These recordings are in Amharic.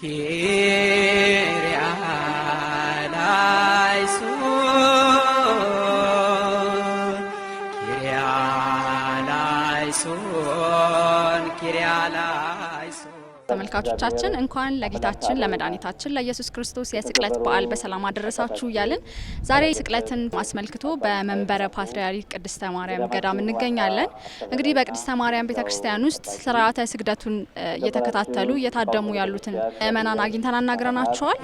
Kirialaisun, kirialaisun, kirialaisun. ተመልካቾቻችን እንኳን ለጌታችን ለመድኃኒታችን ለኢየሱስ ክርስቶስ የስቅለት በዓል በሰላም አደረሳችሁ እያልን ዛሬ ስቅለትን አስመልክቶ በመንበረ ፓትርያርክ ቅድስተ ማርያም ገዳም እንገኛለን። እንግዲህ በቅድስተ ማርያም ቤተ ክርስቲያን ውስጥ ስርዓተ ስግደቱን እየተከታተሉ እየታደሙ ያሉትን ምእመናን አግኝተን አናግረናቸዋል።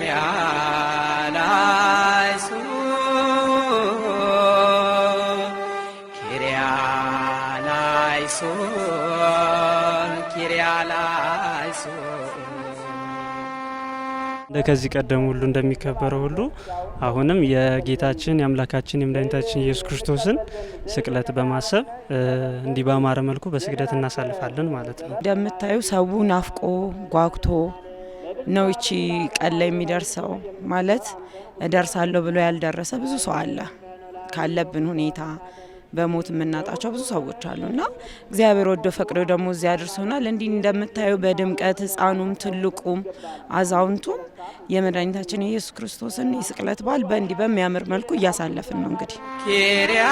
ኪሪያ ላይሱ እንደ ከዚህ ቀደም ሁሉ እንደሚከበረው ሁሉ አሁንም የጌታችን የአምላካችን የመድኃኒታችን ኢየሱስ ክርስቶስን ስቅለት በማሰብ እንዲህ በአማረ መልኩ በስግደት እናሳልፋለን ማለት ነው። እንደምታዩ ሰው ናፍቆ ጓጉቶ ነው ይቺ ቀን ላይ የሚደርሰው ማለት እደርሳለሁ ብሎ ያልደረሰ ብዙ ሰው አለ ካለብን ሁኔታ በሞት የምናጣቸው ብዙ ሰዎች አሉና እግዚአብሔር ወዶ ፈቅዶ ደግሞ እዚያ አድርሶናል። እንዲህ እንደምታየው በድምቀት ህፃኑም ትልቁም አዛውንቱም የመድኃኒታችን የኢየሱስ ክርስቶስን የስቅለት በዓል በእንዲህ በሚያምር መልኩ እያሳለፍን ነው። እንግዲህ ኪሪያ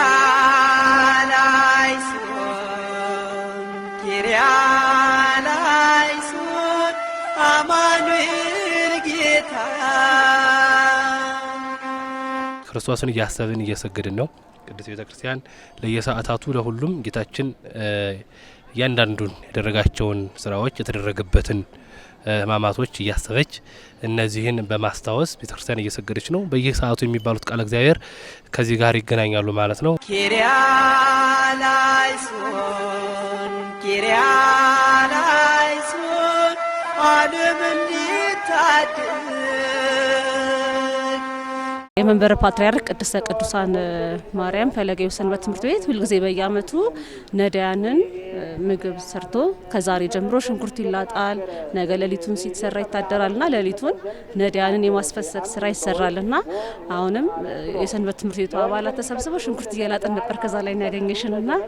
አማኑኤል ጌታ ክርስቶስን እያሰብን እየሰገድን ነው። ቅዱስ ቤተ ክርስቲያን ለየሰዓታቱ ለሁሉም ጌታችን እያንዳንዱን ያደረጋቸውን ስራዎች የተደረገበትን ህማማቶች እያሰበች እነዚህን በማስታወስ ቤተክርስቲያን እየሰገደች ነው። በየሰዓቱ የሚባሉት ቃለ እግዚአብሔር ከዚህ ጋር ይገናኛሉ ማለት ነው። ኪሪያላይሶን ኪሪያላይሶን ዓለም እንድታድን የመንበረ ፓትርያርክ ቅድስተ ቅዱሳን ማርያም ፈለገ ሰንበት ትምህርት ቤት ሁልጊዜ በየአመቱ ነዳያንን ምግብ ሰርቶ ከዛሬ ጀምሮ ሽንኩርት ይላጣል፣ ነገ ሌሊቱን ሲሰራ ና ሌሊቱን ነዳያንን የማስፈሰግ ስራ ይሰራል ና አሁንም የሰንበት ትምህርት ቤቱ አባላት ተሰብስበው ሽንኩርት እየላጠን ነበር ከዛ ላይ እናያገኘሽን ና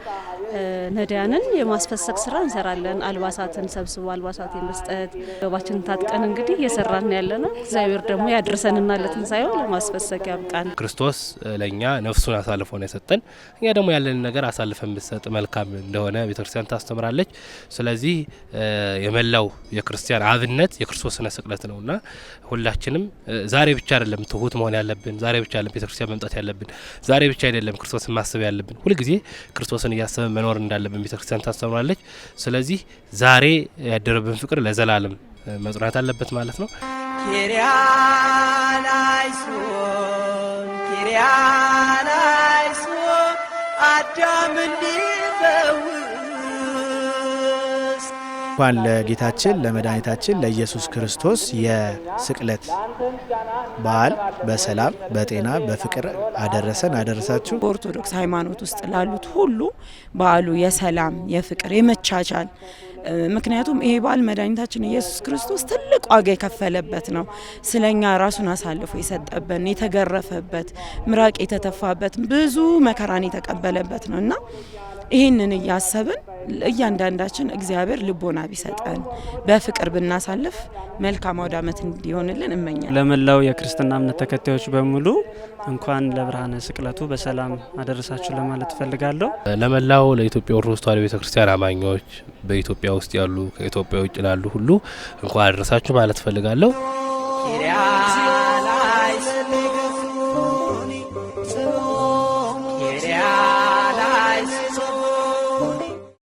ነዳያንን የማስፈሰግ ስራ እንሰራለን። አልባሳትን ሰብስቦ አልባሳት የመስጠት ገባችን ታጥቀን እንግዲህ እየሰራን ያለ ነው። እግዚአብሔር ደግሞ ያድርሰንና ለትንሳኤው ለማስፈሰግ ለማድረግ ያብቃን። ክርስቶስ ለእኛ ነፍሱን አሳልፎ ነው የሰጠን። እኛ ደግሞ ያለን ነገር አሳልፈን ብንሰጥ መልካም እንደሆነ ቤተክርስቲያን ታስተምራለች። ስለዚህ የመላው የክርስቲያን አብነት የክርስቶስ ስነ ስቅለት ነውና ሁላችንም ዛሬ ብቻ አይደለም ትሁት መሆን ያለብን፣ ዛሬ ብቻ አይደለም ቤተክርስቲያን መምጣት ያለብን፣ ዛሬ ብቻ አይደለም ክርስቶስን ማሰብ ያለብን፣ ሁልጊዜ ክርስቶስን እያሰበ መኖር እንዳለብን ቤተክርስቲያን ታስተምራለች። ስለዚህ ዛሬ ያደረብን ፍቅር ለዘላለም መጽናት አለበት ማለት ነው። ኪርያላይሶን ኪርያላይሶን አዳም እንዲፈውስ እንኳን ለጌታችን ለመድኃኒታችን ለኢየሱስ ክርስቶስ የስቅለት በዓል በሰላም በጤና በፍቅር አደረሰን አደረሳችሁ። በኦርቶዶክስ ሃይማኖት ውስጥ ላሉት ሁሉ በዓሉ የሰላም የፍቅር የመቻቻል ምክንያቱም ይሄ በዓል መድኃኒታችን ኢየሱስ ክርስቶስ ትልቅ ዋጋ የከፈለበት ነው። ስለኛ ራሱን አሳልፎ የሰጠበን የተገረፈበት፣ ምራቅ የተተፋበት፣ ብዙ መከራን የተቀበለበት ነው እና ይህንን እያሰብን እያንዳንዳችን እግዚአብሔር ልቦና ቢሰጠን በፍቅር ብናሳልፍ መልካም አውደ ዓመት እንዲሆንልን እመኛል። ለመላው የክርስትና እምነት ተከታዮች በሙሉ እንኳን ለብርሃነ ስቅለቱ በሰላም አደረሳችሁ ለማለት እፈልጋለሁ። ለመላው ለኢትዮጵያ ኦርቶዶክስ ተዋሕዶ ቤተ ክርስቲያን አማኞች በኢትዮጵያ ውስጥ ያሉ ከኢትዮጵያ ውጭ ላሉ ሁሉ እንኳን አደረሳችሁ ማለት እፈልጋለሁ።